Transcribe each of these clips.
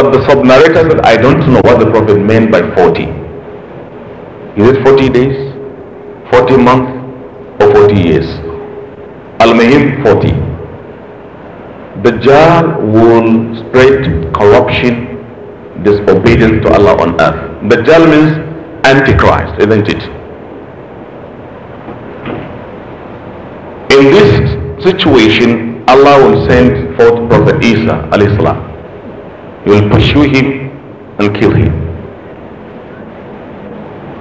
But the sub-narrator said, I don't know what the Prophet meant by 40. Is it 40 days, 40 months, or 40 years? Al-Mahim, 40. Dajjal will spread corruption, disobedience to Allah on earth. Dajjal means antichrist, isn't it? In this situation, Allah will send forth Prophet Isa, alayhi salam. You will pursue him and kill him.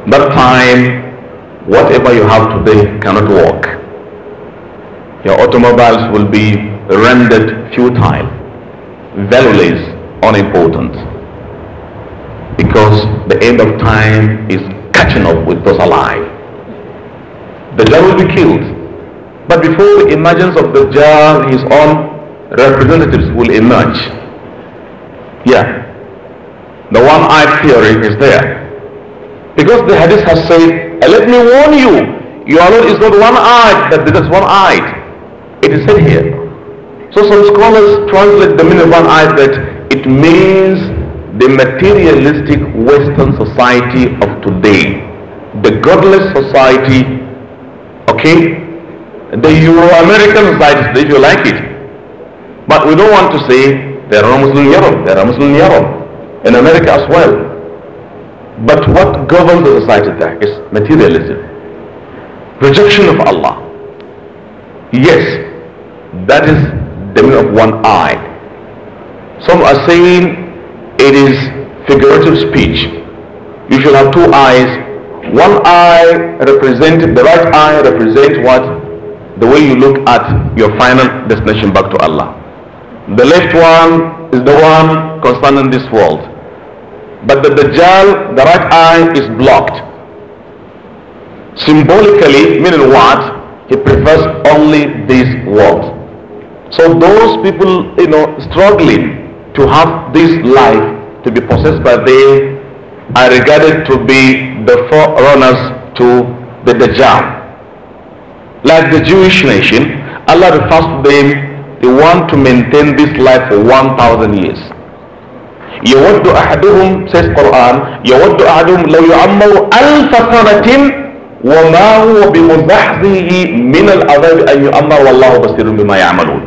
That time, whatever you have today cannot work. Your automobiles will be rendered futile, valueless, unimportant. Because the end of time is catching up with those alive. The jar will be killed. But before the emergence of the jar, his own representatives will emerge. Yeah. The one-eyed theory is there. Because the hadith has said, let me warn you, your Lord is not one-eyed, that there one-eyed. It is said here. So some scholars translate the meaning of one-eyed that it means the materialistic Western society of today. The godless society, okay? The Euro-American society, if you like it. But we don't want to say there are Muslim Muslims in Europe. There are Muslims in Europe. In America as well. But what governs the society there is materialism. Rejection of Allah. Yes, that is the meaning of one eye. Some are saying it is figurative speech. You should have two eyes. One eye represents, the right eye represents what? The way you look at your final destination back to Allah. The left one is the one concerning this world. But the Dajjal, the right eye is blocked. Symbolically, meaning what? He prefers only this world. So those people, you know, struggling to have this life to be possessed by them are regarded to be the forerunners to the Dajjal. Like the Jewish nation, Allah refers to them they want to maintain this life for 1000 years يود أحدهم says Quran يود أحدهم لو wa ma سنة وما هو بمزحزه من العذاب أن يعمر والله بصير bima yamalun.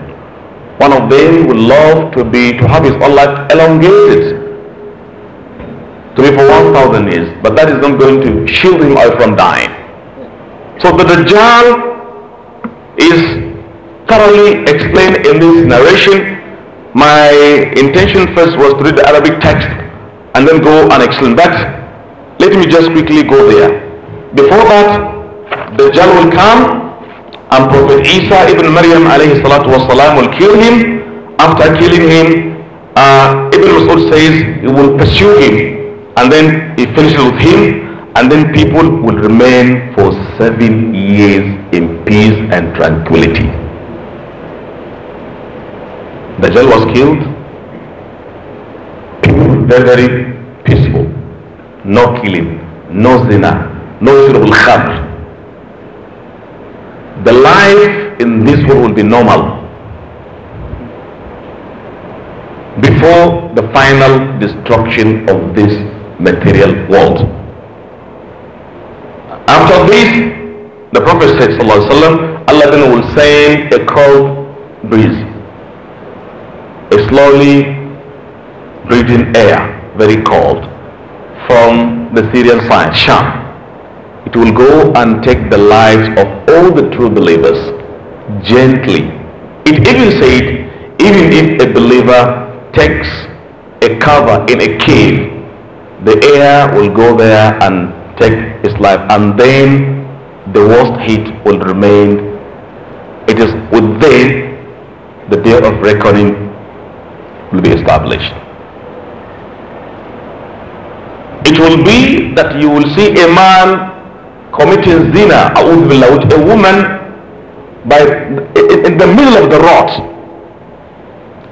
one of them would love to be to have his whole life elongated to be for 1000 years but that is not going to shield him out from dying so the Dajjal is thoroughly explained in this narration. My intention first was to read the Arabic text and then go and explain. But let me just quickly go there. Before that, the Dajjal will come and Prophet Isa ibn Maryam alayhi salatu wasalam will kill him. After killing him, uh, Ibn Masud says he will pursue him and then he finishes with him and then people will remain for seven years in peace and tranquility. Dajjal was killed very, very peaceful. No killing, no zina, no shurul khamr. The life in this world will be normal before the final destruction of this material world. After this, the Prophet said, Allah will send a cold breeze a slowly breathing air, very cold, from the Syrian side, Sham. It will go and take the lives of all the true believers gently. It even said, even if a believer takes a cover in a cave, the air will go there and take his life, and then the worst hit will remain. It is within the day of reckoning will be established. It will be that you will see a man committing zina with a woman by in the middle of the rot.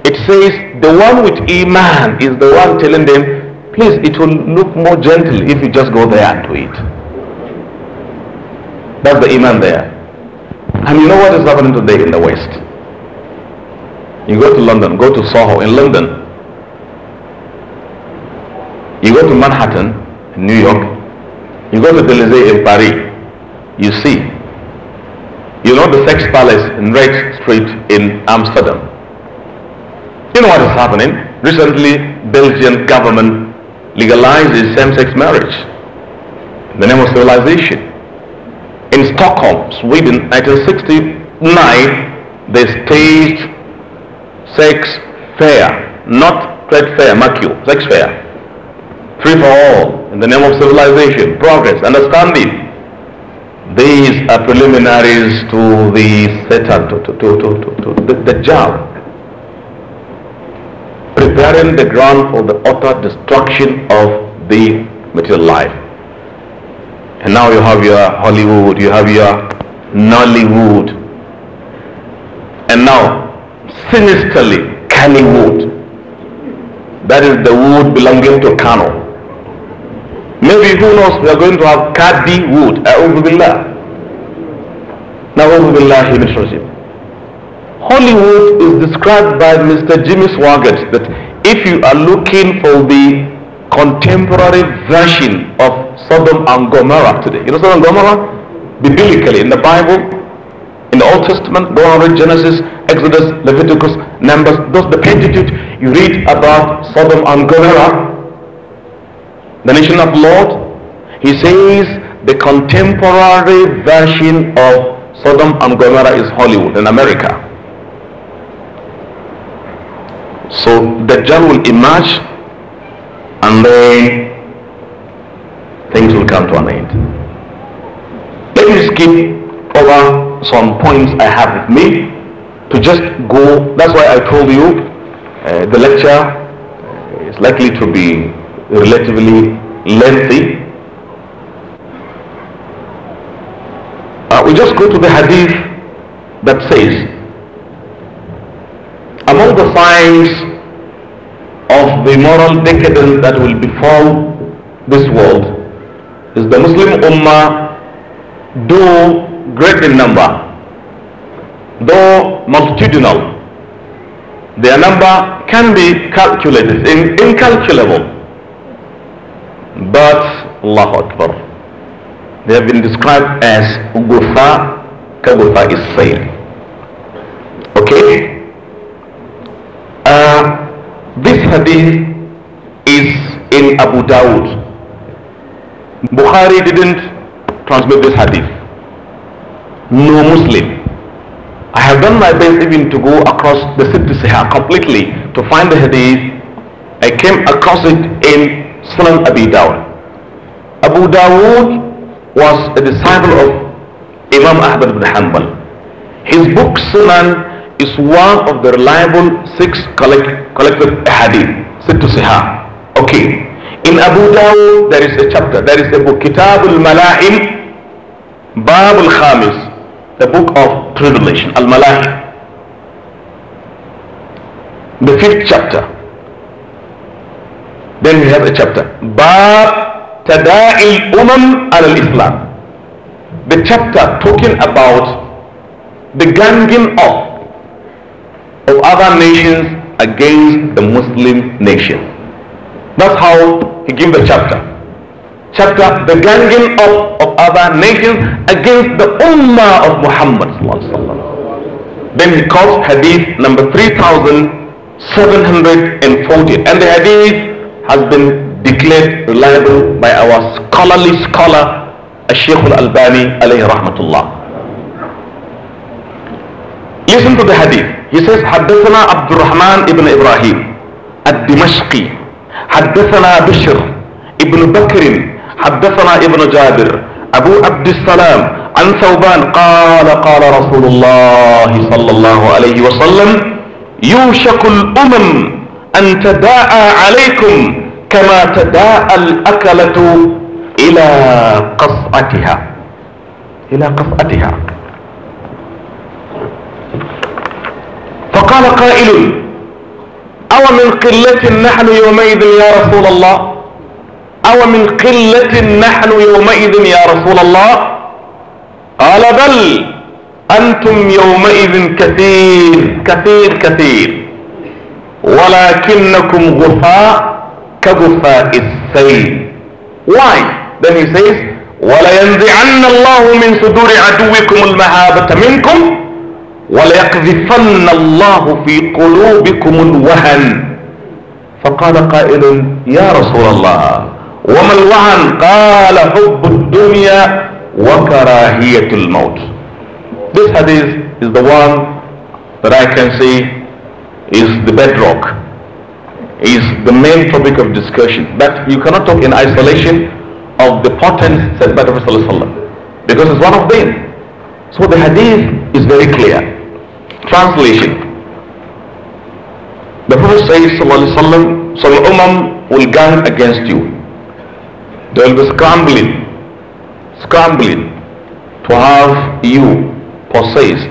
It says the one with iman is the one telling them, please, it will look more gentle if you just go there and do it. That's the iman there. And you know what is happening today in the West? You go to London, go to Soho in London. You go to Manhattan, in New York. You go to Delizay in Paris. You see. You know the Sex Palace in Red Street in Amsterdam. You know what is happening? Recently, Belgian government legalizes same-sex marriage in the name of civilization. In Stockholm, Sweden, 1969, they staged sex fair, not trade fair, mark you, sex fair. Free for all in the name of civilization, progress, understanding. These are preliminaries to the setup, to, to, to, to, to, the, the job. Preparing the ground for the utter destruction of the material life. And now you have your Hollywood, you have your Nollywood. And now sinisterly canning wood. That is the wood belonging to Kano. Maybe who knows, we are going to have Kadi wood. A'udhubillah. Na'udhubillah min shirjim. Hollywood is described by Mr. Jimmy Swaggart that if you are looking for the contemporary version of Sodom and Gomorrah today, you know Sodom and Gomorrah? Biblically, in the Bible, in the Old Testament, go and read Genesis, Exodus, Leviticus, Numbers, those the Pentateuch, you read about Sodom and Gomorrah, the nation of Lord. He says the contemporary version of Sodom and Gomorrah is Hollywood in America. So Dajjal will emerge and then things will come to an end. Let me skip over some points I have with me to just go. That's why I told you uh, the lecture is likely to be relatively lengthy. Uh, we just go to the hadith that says, among the signs of the moral decadence that will befall this world is the Muslim Ummah, do great in number, though multitudinal, their number can be calculated, in, incalculable. But, Allahu Akbar, they have been described as Gufa Kagufa is saying. Okay? Uh, this hadith is in Abu Dawud. Bukhari didn't transmit this hadith. No Muslim I have done my best even to go across the Sitt Sahih completely to find the hadith. I came across it in Sunan Abi Dawud. Abu Dawud was a disciple of Imam Ahmad ibn Hanbal. His book Sunan is one of the reliable six collect collected hadith, Sittu Sahih. Okay. In Abu Dawud there is a chapter, there is a book, Kitab al-Mala'im, Bab al-Khamis, the book of Revelation, Al malak The fifth chapter. Then we have a chapter. Bab Tada'il Umam al Islam. The chapter talking about the ganging up of other nations against the Muslim nation. That's how he gave the chapter chapter, the ganging up of other nations against the Ummah of Muhammad. Then he calls hadith number 3740. And the hadith has been declared reliable by our scholarly scholar, Sheikh al-Albani alayhi rahmatullah. Listen to the hadith. He says, حدثنا عبد الرحمن ابن إبراهيم الدمشقي حدثنا بشر ابن بكر حدثنا ابن جابر أبو عبد السلام عن ثوبان قال قال رسول الله صلى الله عليه وسلم يوشك الأمم أن تداعى عليكم كما تداعى الأكلة إلى قصعتها إلى قصعتها فقال قائل أو من قلة نحن يومئذ يا رسول الله أو من قلة نحن يومئذ يا رسول الله قال بل أنتم يومئذ كثير كثير كثير ولكنكم غفاء كغفاء السيل Why? Then he says, وَلَيَنْزِعَنَّ اللَّهُ مِنْ صُدُورِ عَدُوِّكُمُ الْمَهَابَةَ مِنْكُمْ وَلَيَقْذِفَنَّ اللَّهُ فِي قُلُوبِكُمُ الْوَهَنَ فقال قائل يا رسول الله وما قال حب الدنيا وكراهية الموت This hadith is the one that I can say is the bedrock, is the main topic of discussion. But you cannot talk in isolation of the potent said by the Prophet because it's one of them. So the hadith is very clear. Translation The Prophet says, Sallallahu Alaihi Wasallam, will gang against you. They will be scrambling, scrambling to have you possessed,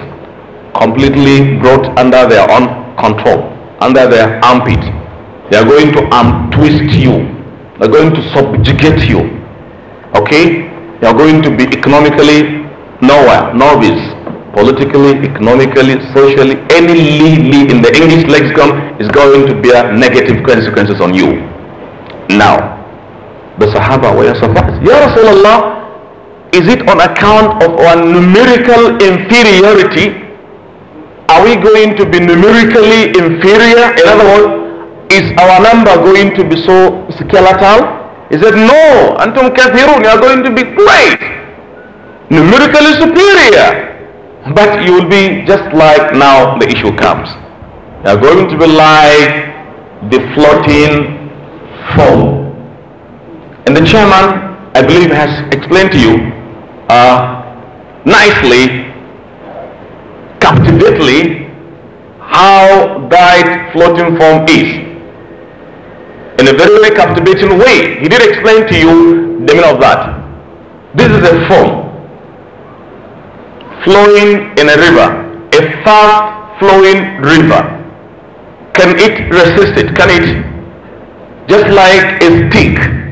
completely brought under their own control, under their armpit. They are going to arm twist you. They are going to subjugate you. Okay? They are going to be economically nowhere, novice, politically, economically, socially, any lead in the English lexicon is going to bear negative consequences on you. Now, the Sahaba were surprised. Ya Rasulullah, is it on account of our numerical inferiority? Are we going to be numerically inferior? In other words, is our number going to be so skeletal? He said, no, Antum Kathirun, you are going to be great, numerically superior. But you will be just like now the issue comes. You are going to be like the floating foam. And the chairman, I believe, has explained to you uh, nicely, captivately, how that floating form is. In a very, very captivating way, he did explain to you the meaning of that. This is a form flowing in a river, a fast flowing river. Can it resist it? Can it? Just like a stick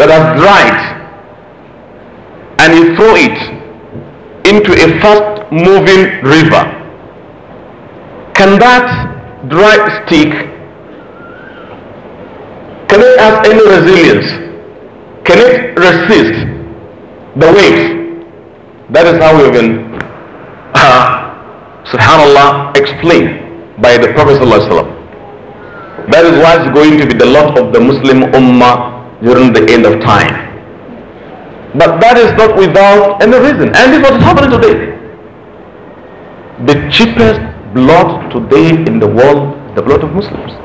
that are dried and you throw it into a fast moving river, can that dried stick, can it have any resilience? Can it resist the waves? That is how we've been, uh, subhanAllah, explained by the Prophet. ﷺ. That is what's going to be the lot of the Muslim Ummah during the end of time. But that is not without any reason. And this is what is happening today. The cheapest blood today in the world is the blood of Muslims.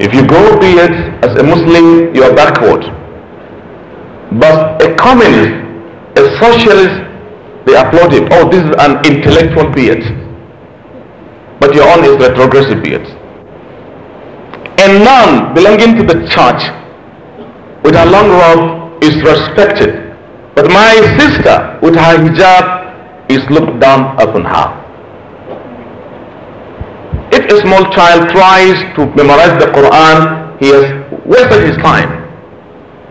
If you go be it as a Muslim, you are backward. But a communist, a socialist, they applaud him. Oh, this is an intellectual beard. But your own is retrogressive beard. A nun belonging to the church with her long robe is respected, but my sister with her hijab is looked down upon her. If a small child tries to memorize the Quran, he has wasted his time.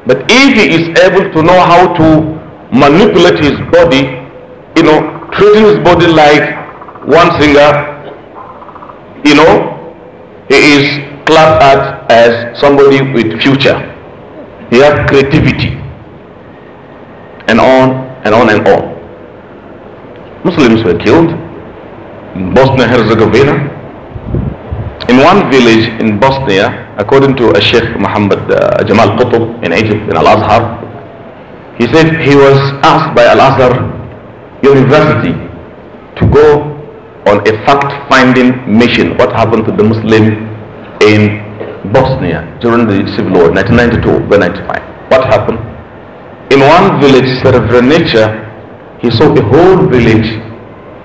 But if he is able to know how to manipulate his body, you know, treating his body like one singer, you know, he is clapped at as somebody with future had creativity, and on and on and on. Muslims were killed in Bosnia Herzegovina. In one village in Bosnia, according to a Sheikh Muhammad uh, Jamal Qutb in Egypt, in Al Azhar, he said he was asked by Al Azhar University to go on a fact finding mission what happened to the Muslim in Bosnia during the civil war, 1992 95. What happened? In one village, Srebrenica, he saw a whole village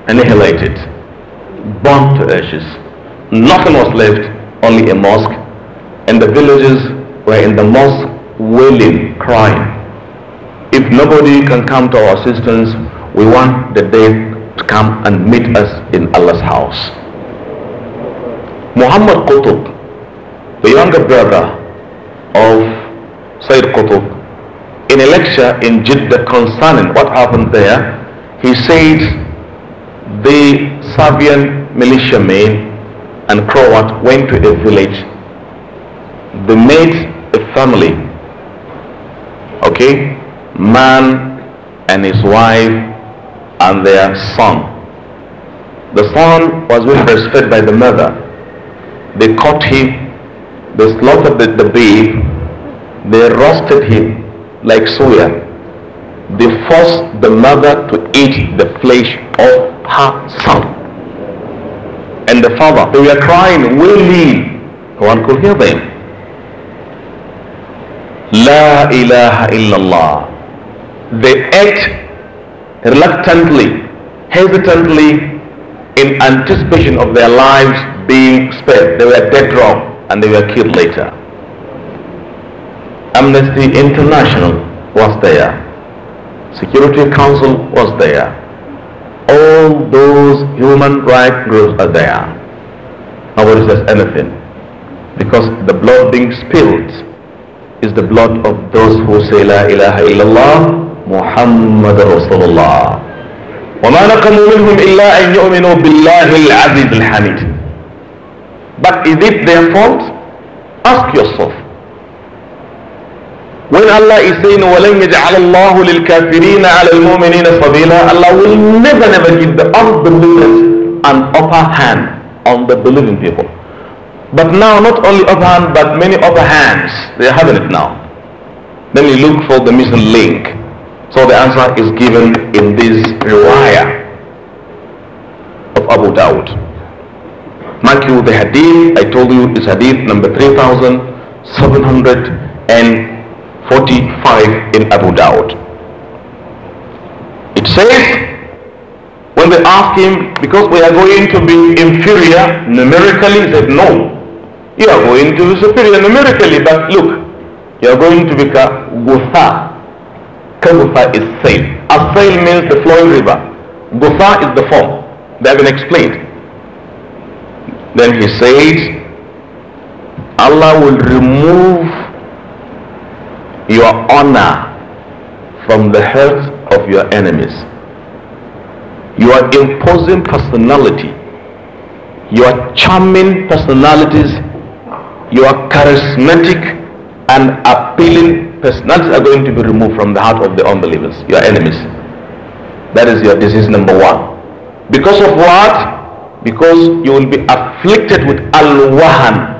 annihilated, burnt to ashes. Nothing was left, only a mosque. And the villagers were in the mosque wailing, crying. If nobody can come to our assistance, we want the dead to come and meet us in Allah's house. Muhammad Qutb the younger brother of Sayyid Qutb, in a lecture in Jeddah concerning what happened there, he said the Serbian militiamen and Croat went to a village. They made a family, okay, man and his wife and their son. The son was well respected by the mother. They caught him they slaughtered the baby. they roasted him like soya. They forced the mother to eat the flesh of her son. And the father, they were crying, wailing. No one could hear them. La ilaha illallah. They ate reluctantly, hesitantly, in anticipation of their lives being spared. They were dead wrong and they were killed later. Amnesty International was there. Security Council was there. All those human rights groups are there. Nobody says anything because the blood being spilled is the blood of those who say La ilaha illallah Muhammad Rasulullah. وما نقموا منهم إلا أن يؤمنوا بالله العزيز الحميد but is it their fault? Ask yourself. When Allah is saying, وَلَنْ يَجْعَلَ اللَّهُ لِلْكَافِرِينَ عَلَى الْمُؤْمِنِينَ سَبِيلًا Allah will never, never give the unbelievers an upper hand on the believing people. But now, not only upper hand, but many upper hands, they are having it now. Then you look for the missing link. So the answer is given in this riwayah of Abu Dawud. Mark you the hadith, I told you is hadith number 3745 in Abu Dawud. It says, when they ask him, because we are going to be inferior numerically, he said, no, you are going to be superior numerically, but look, you are going to be ka Gutha. is sail. A sail means the flowing river. Gutha is the form. They have been explained. Then he says, Allah will remove your honor from the health of your enemies. You are imposing personality, you are charming personalities, you are charismatic and appealing personalities are going to be removed from the heart of the unbelievers, your enemies. That is your disease number one. Because of what? Because you will be affected afflicted with al-wahan.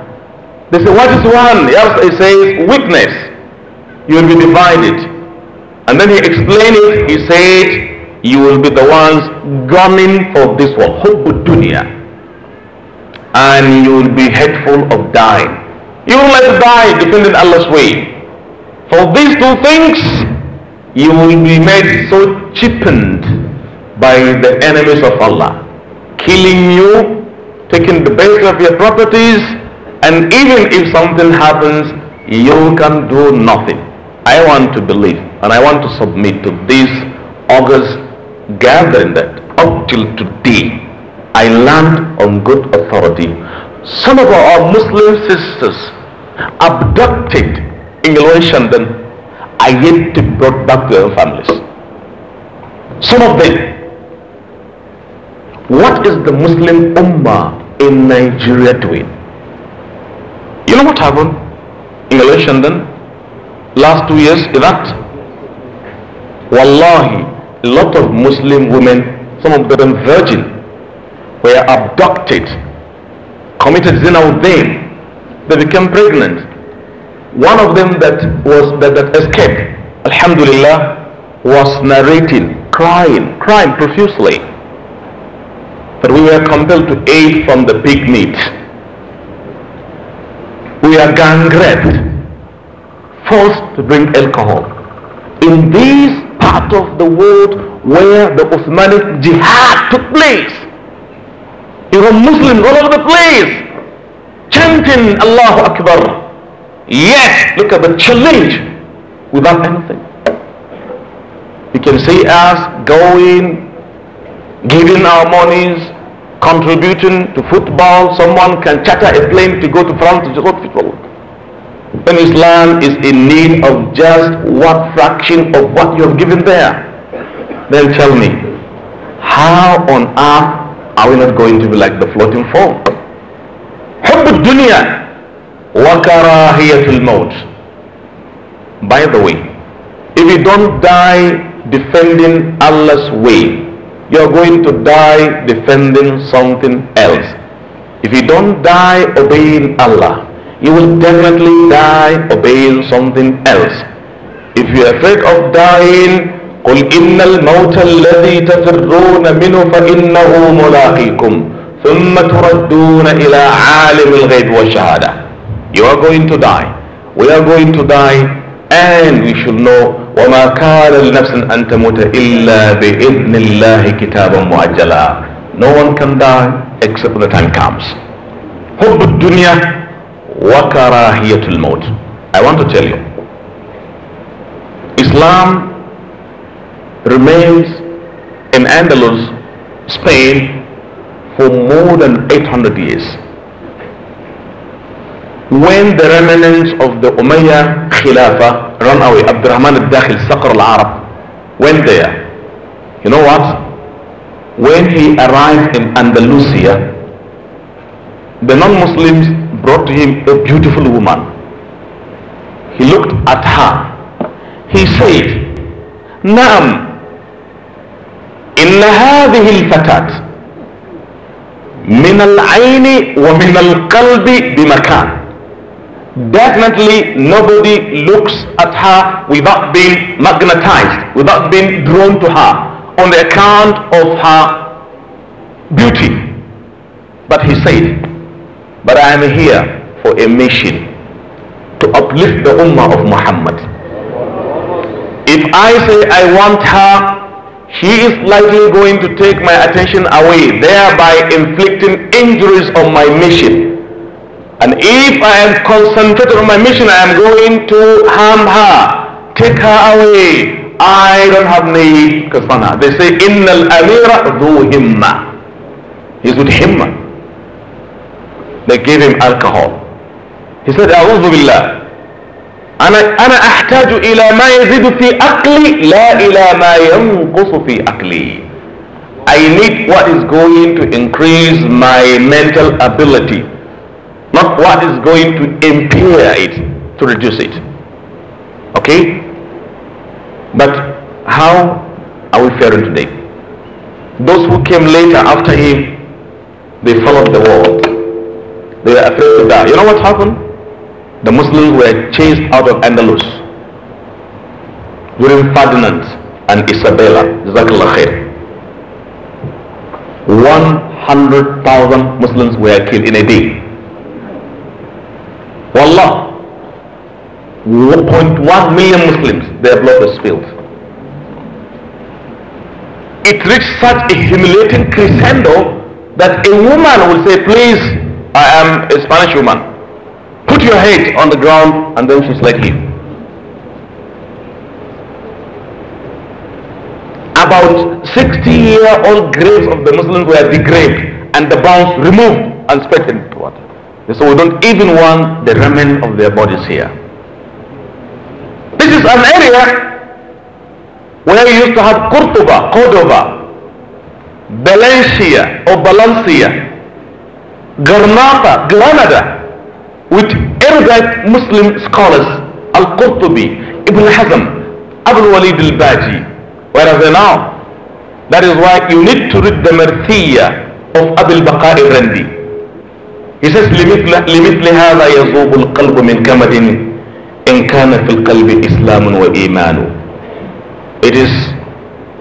They say, what is wahan? It says weakness. You will be divided. And then he explained it. He said, you will be the ones gunning for this world, hubbu dunya. And you will be hateful of dying. You will let die defending Allah's way. For these two things, you will be made so cheapened by the enemies of Allah, killing you taking the best of your properties and even if something happens you can do nothing I want to believe and I want to submit to this August gathering that up till today I learned on good authority some of our Muslim sisters abducted in relation then are yet to be brought back to their families. Some of them. What is the Muslim Ummah in Nigeria doing? You know what happened in election then? Last two years, Iraq. Wallahi, a lot of Muslim women, some of them virgin, were abducted, committed zina with them. They became pregnant. One of them that was that, that escaped, Alhamdulillah, was narrating, crying, crying profusely but we were compelled to aid from the big meat. We are gang raped, forced to drink alcohol. In this part of the world where the Osmanic jihad took place, you have Muslims all over the place chanting Allahu Akbar. Yes, look at the challenge without anything. You can see us going, giving our monies, contributing to football. Someone can charter a plane to go to France to support football. And Islam is in need of just what fraction of what you have given there. Then tell me, how on earth are we not going to be like the floating foam? حب الدنيا وكراهية الموت By the way, if you don't die defending Allah's way, you're going to die defending something else. If you don't die obeying Allah, you will definitely die obeying something else. If you're afraid of dying, قل إن الموت الذي تفرون منه فإنه ملاقيكم ثم تردون إلى عالم الغيب والشهادة You are going to die. We are going to die and we should know وما كان لنفس أن تموت إلا بإذن الله كتابا مؤجلا No one can die except when the time comes. حب الدنيا وكراهية الموت. I want to tell you. Islam remains in Andalus, Spain for more than 800 years when the remnants of the Umayyad Khilafah ran away, Abdurrahman al-Dakhil, Saqr al-Arab, went there. You know what? When he arrived in Andalusia, the non-Muslims brought to him a beautiful woman. He looked at her. He said, Naam, إن هذه الفتاة من العين ومن القلب بمكان Definitely nobody looks at her without being magnetized, without being drawn to her on the account of her beauty. But he said, but I am here for a mission to uplift the Ummah of Muhammad. If I say I want her, she is likely going to take my attention away, thereby inflicting injuries on my mission. And if I am concentrated on my mission, I am going to harm her, take her away. I don't have need concern They say, Inna al-amira dhu himma. He's with himma. They gave him alcohol. He said, أعوذ بالله أنا أنا أحتاج إلى ما يزيد في عقلي لا إلى ما ينقص في عقلي. I need what is going to increase my mental ability not what is going to impair it, to reduce it. Okay? But how are we faring today? Those who came later after him, they followed the world. They were afraid to die. You know what happened? The Muslims were chased out of Andalus during Ferdinand and Isabella. Jazakallah 100,000 Muslims were killed in a day. Wallah, 1.1 million Muslims, their blood was spilled. It reached such a humiliating crescendo that a woman will say, please, I am a Spanish woman. Put your head on the ground and then she's like you. About 60-year-old graves of the Muslims were degraded and the bones removed and speckled with water so we don't even want the remnant of their bodies here. This is an area where you used to have Cordoba, Cordoba, Valencia or Valencia, Granada, Granada, with erudite Muslim scholars, Al-Qurtubi, Ibn Hazm, Abdul Walid al-Baji. Where are they now? That is why you need to read the Marthiyya of Abil al Randi. He says, لمثل هذا يذوب القلب من كمد إن كان في القلب إسلام وإيمان. It is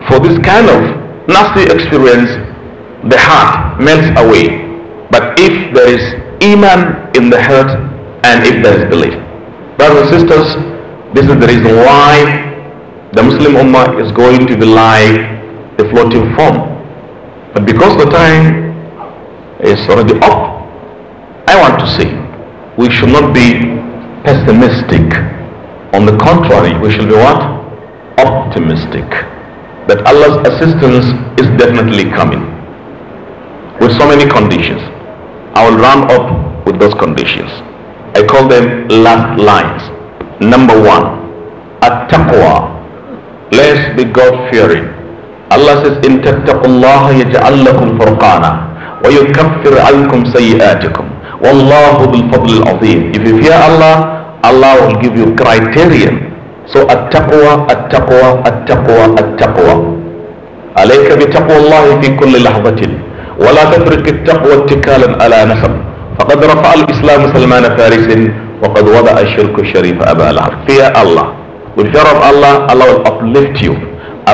for this kind of nasty experience, the heart melts away. But if there is iman in the heart and if there is belief. Brothers and sisters, this is the reason why the Muslim Ummah is going to be like a floating form. But because the time is already up, I want to say we should not be pessimistic. On the contrary, we should be what? Optimistic. That Allah's assistance is definitely coming. With so many conditions. I will round up with those conditions. I call them last lines. Number one, at taqwa. Let's be God fearing. Allah says, In tattaqullaha yaj'al furqana wa yukaffir ankum sayi'atikum. والله بالفضل العظيم If you fear Allah, Allah will give you criterion. So التقوى التقوى التقوى التقوى عليك بتقوى الله في كل لحظة ولا تترك التقوى اتكالا على نسب فقد رفع الإسلام سلمان فارس وقد وضع الشرك الشريف أبا لهب fear Allah with fear of Allah Allah will uplift you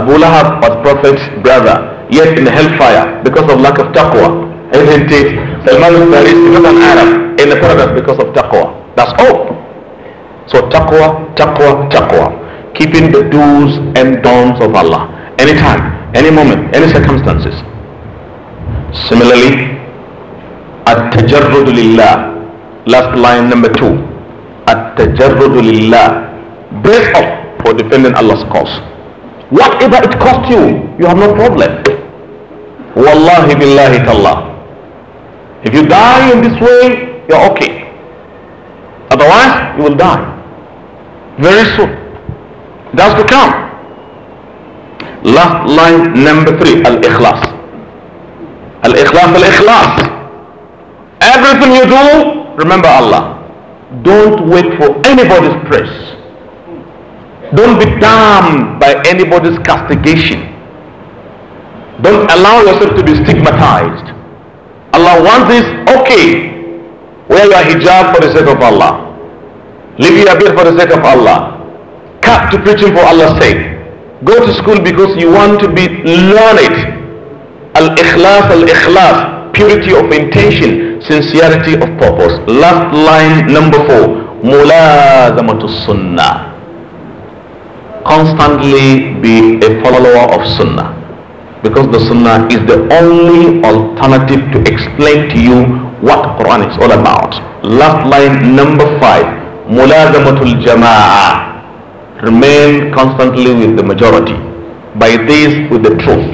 Abu Lahab was prophet's brother yet in hellfire because of lack of taqwa Isn't it? man al-Farisi is not an Arab in the paradise because of taqwa. That's all. So taqwa, taqwa, taqwa. Keeping the do's and don'ts of Allah. Anytime, any moment, any circumstances. Similarly, at-tajarrud lillah. Last line number two. At-tajarrud lillah. Brace up for defending Allah's cause. Whatever it costs you, you have no problem. Wallahi billahi tallah. If you die in this way, you're okay. Otherwise, you will die very soon. That's to come. Last line number three, Al-Ikhlas. Al-Ikhlas, Al-Ikhlas. Everything you do, remember Allah. Don't wait for anybody's praise. Don't be damned by anybody's castigation. Don't allow yourself to be stigmatized. Allah wants this, okay. Wear your hijab for the sake of Allah. Leave your beard for the sake of Allah. Cut to preaching for Allah's sake. Go to school because you want to be learned. Al-ikhlas, al-ikhlas. Purity of intention, sincerity of purpose. Last line number four. Mulazamatu sunnah. Constantly be a follower of sunnah because the sunnah is the only alternative to explain to you what Quran is all about. Last line number five, mulazamatul jama'ah. Remain constantly with the majority. By this, with the truth.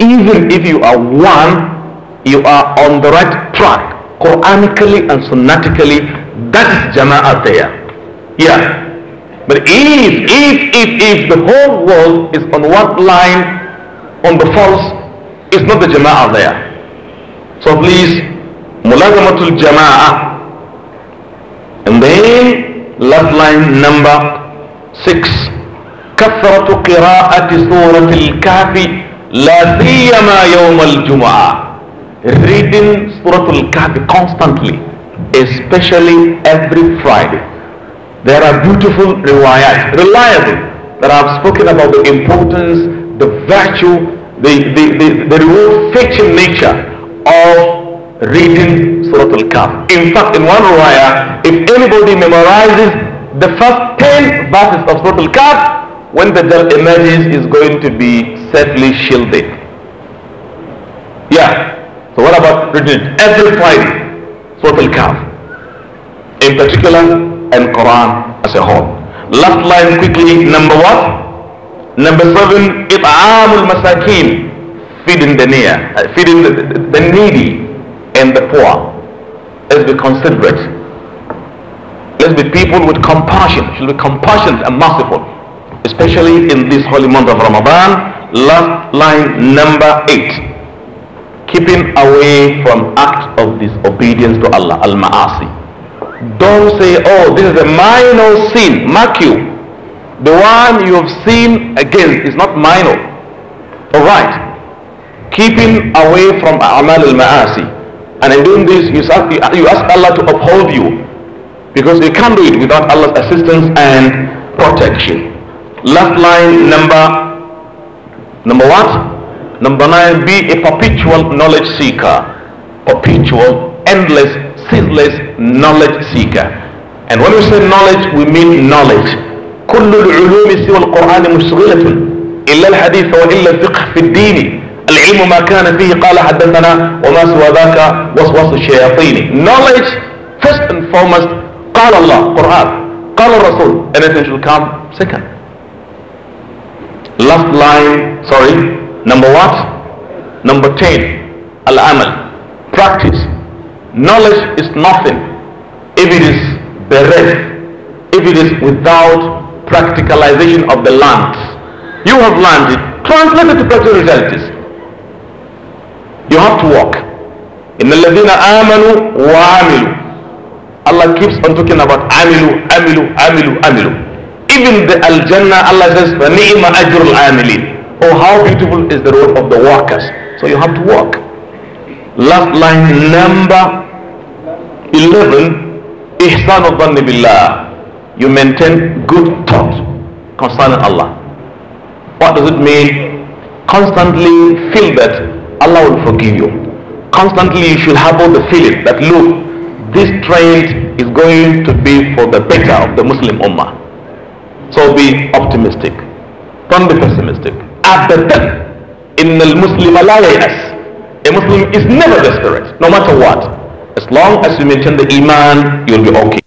Even if you are one, you are on the right track, Quranically and Sunnatically. That is jama'ah there. Yeah. But if, if, if, if the whole world is on one line, on the false is not the jama'ah there. So please, mulazamatul jama'ah. And then, love line number six. كثرة قراءة سورة الكهف لا سيما يوم الجمعة. Reading Surah al constantly, especially every Friday. There are beautiful riwayat, reliable, that I've spoken about the importance the virtue, the, the, the, the reward-fetching nature of reading Surah Al-Kahf. In fact, in one riwayah, if anybody memorizes the first 10 verses of Surah Al-Kahf, when the Dajjal emerges, is going to be safely shielded. Yeah. So what about reading Every Friday, Surah Al-Kahf. In particular, and Quran as a whole. Last line quickly, number one. Number seven, it'amul masakin, feeding the near, uh, feeding the, the needy and the poor. Let's be considerate. Let's be people with compassion. Should be compassionate and merciful, especially in this holy month of Ramadan. Last line number eight. Keeping away from acts of disobedience to Allah, al-ma'asi. Don't say, oh, this is a minor sin. Mark you, the one you have sinned against is not minor. Alright. Keeping away from A'mal al-Ma'asi. And in doing this, you ask, you ask Allah to uphold you. Because you can't do it without Allah's assistance and protection. Last line number number what? Number nine, be a perpetual knowledge seeker. Perpetual, endless, ceaseless knowledge seeker. And when we say knowledge, we mean knowledge كل العلوم سوى القرآن مشغلة إلا الحديث وإلا الفقه في الدين العلم ما كان فيه قال حدثنا وما سوى ذاك وسوس الشياطين knowledge first and foremost قال الله قرآن قال الرسول anything should come second last line sorry number what number 10 العمل practice knowledge is nothing if it is bereft if it is without practicalization of the land. You have learned it. Translate it to practical realities. You have to walk. In the Ladina Amanu wa Amilu. Allah keeps on talking about Amilu, Amilu, Amilu, Amilu. Even the Al Jannah, Allah says, Ni'ma Ajrul Amilin. Oh, how beautiful is the road of the workers! So you have to walk. Last line number 11 إحسان الظن بالله you maintain good thought concerning Allah. What does it mean? Constantly feel that Allah will forgive you. Constantly you should have all the feeling that look, this trend is going to be for the better of the Muslim Ummah. So be optimistic. Don't be pessimistic. At the death, in the Muslim alayas. A Muslim is never desperate, no matter what. As long as you maintain the Iman, you'll be okay.